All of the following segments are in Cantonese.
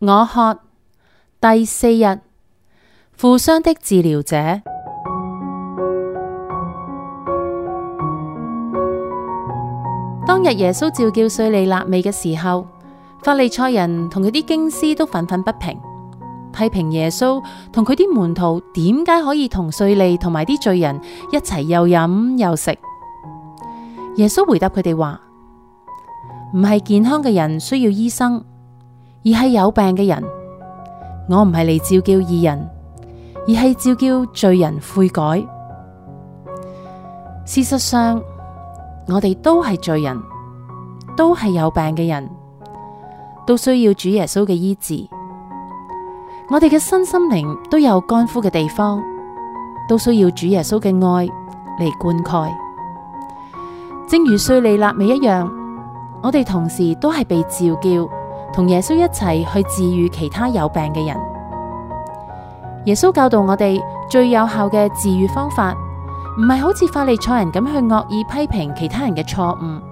我渴第四日，負傷的治療者。當日耶穌召叫稅吏肋未嘅時候，法利賽人同佢啲經師都憤憤不平，批評耶穌同佢啲門徒點解可以同稅吏同埋啲罪人一齊又飲又食。耶穌回答佢哋話：唔係健康嘅人需要醫生。而係有病嘅人，我唔係嚟召叫義人，而係召叫罪人悔改。事實上，我哋都係罪人，都係有病嘅人，都需要主耶穌嘅醫治。我哋嘅身心靈都有乾枯嘅地方，都需要主耶穌嘅愛嚟灌溉。正如稅吏肋未一樣，我哋同時都係被召叫，同耶穌一齊去治癒其他有病嘅人。耶穌教導我哋最有效嘅治癒方法，唔係好似法利賽人咁去惡意批評其他人嘅錯誤，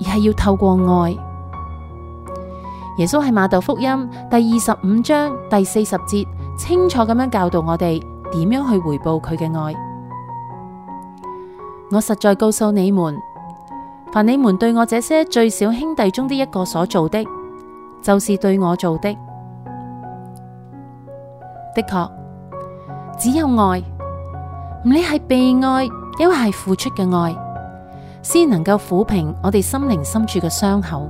而係要透過愛。耶穌喺馬竇福音第二十五章第四十節清楚咁樣教導我哋點樣去回報佢嘅愛。我實在告訴你們，凡你們對我這些最小兄弟中的一個所做的，就是對我做的。的確，只有愛，唔理係被愛，亦或係付出嘅愛，先能夠撫平我哋心靈深處嘅傷口。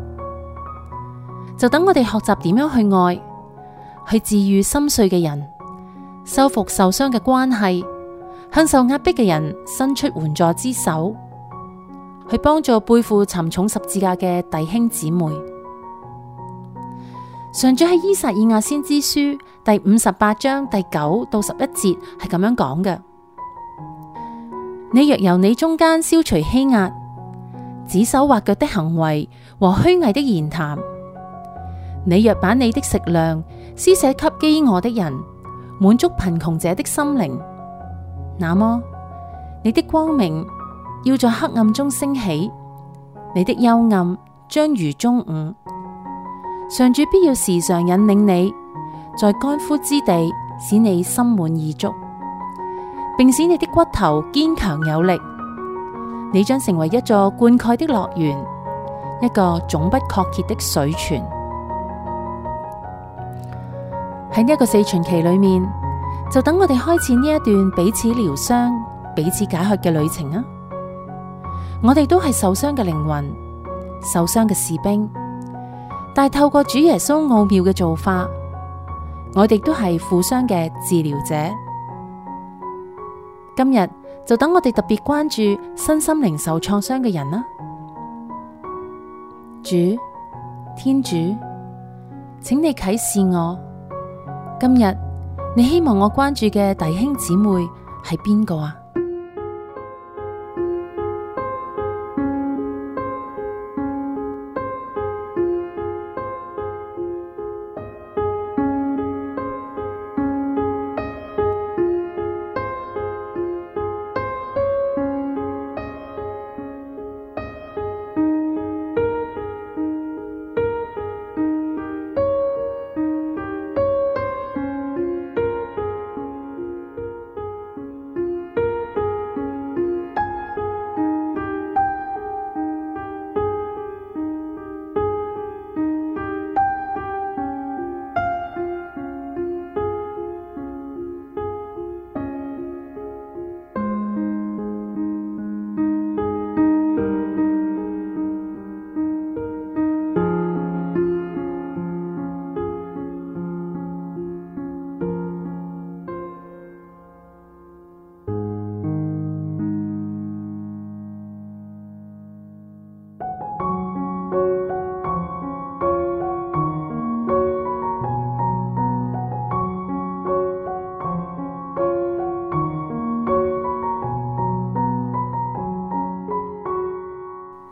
就等我哋學習點樣去愛，去治癒心碎嘅人，修復受傷嘅關係，向受壓迫嘅人伸出援助之手，去幫助背負沉重十字架嘅弟兄姊妹。上主喺《依撒意亞先知書》第五十八章第九到十一節係咁樣講嘅： 你若由你中間消除欺壓、指手畫腳的行為和虛偽的言談，你若把你的食糧施捨給飢餓的人，滿足貧窮者的心靈，那麼你的光明要在黑暗中升起，你的幽暗將如中午。上主必要時常引領你，在乾枯之地使你心滿意足，並使你的骨頭堅強有力。你將成為一座灌溉的樂園，一個總不涸竭的水泉。喺呢一個四旬期裏面，就等我哋開始呢一段彼此療傷、彼此解渴嘅旅程啊！我哋都係受傷嘅靈魂，受傷嘅士兵。但透過主耶穌奧妙嘅做法，我哋都係負傷嘅治療者。今日就等我哋特別關注身心靈受創傷嘅人啦。主，天主，請你啟示我，今日你希望我關注嘅弟兄姊妹係邊個啊？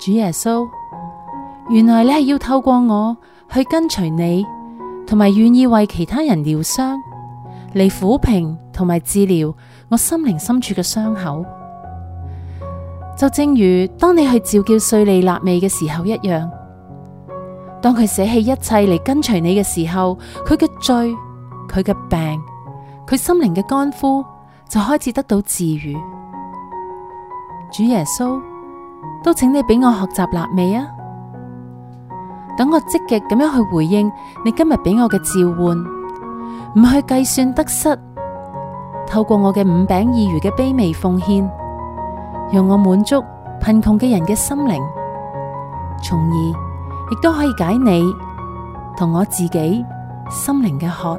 主耶穌，原來你係要透過我去跟隨你，同埋願意為其他人療傷，嚟撫平同埋治療我心靈深處嘅傷口，就正如當你去召叫稅吏肋未嘅時候一樣，當佢捨棄一切嚟跟隨你嘅時候，佢嘅罪、佢嘅病、佢心靈嘅乾枯，就開始得到治癒。主耶穌。都請你俾我學習肋未啊！等我積極咁樣去回應你今日俾我嘅召喚，唔去計算得失，透過我嘅五餅二魚嘅卑微奉獻，讓我滿足貧窮嘅人嘅心靈，從而亦都可以解你同我自己心靈嘅渴。